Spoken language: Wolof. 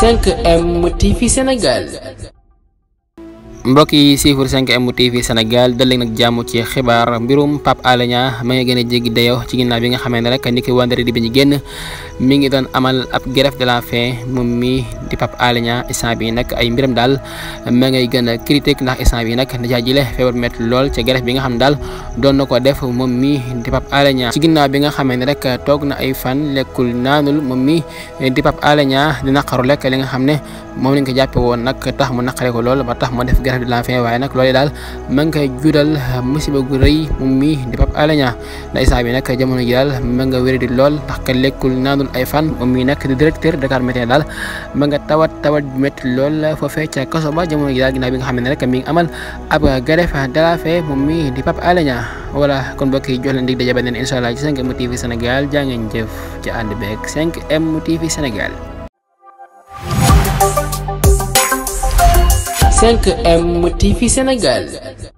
5M TV Sénégal mbokk yi siifur 5M TV Sénégal dal nag jàmm ci xibaar mbirum Pape Alé Niang ma gën a jéggi dayoo ci ginnaaw bi nga xamee ne rek ni ki vendredi bi mi ngi doon amal ab grève de la faim moom mi di Pape Alé Niang instant bi nag ay mbiram daal ma ngay gën a critique ndax instant bi nag dajaa jile feebar métti lool ci grève bi nga xam ne daal doon na ko def moom mi di Pape Alé ci ginnaaw bi nga xamee rek toog na ay fan lekkul naanul moom mi di Pape Alé Niang di naqaru lekk li nga xam ne moom lañ ko jàppe woon nag tax mu naqare ko lool ba tax mu def grève de la faim waaye nag loolee daal ma ngi koy jural musiba gu rëy moom mii di Pape Alé Niang ndax Issa bi nag jamono ji daal ma nga wér di lool ndax ka lekkul naanul ay fan moom mii nag di directeur Dakar Matin daal ma nga tawat tawat métti lool foofee ca kaso ba jamono ji daal ginnaaw bi nga xam ne rek mi ngi amal ab grève de la faim moom mii di Pape Alé Niang kon mbokk yi jox leen dig daje ba neen incha allah ci 5M TV Sénégal jaa ngeen jëf ci ànd beeg 5M TV Sénégal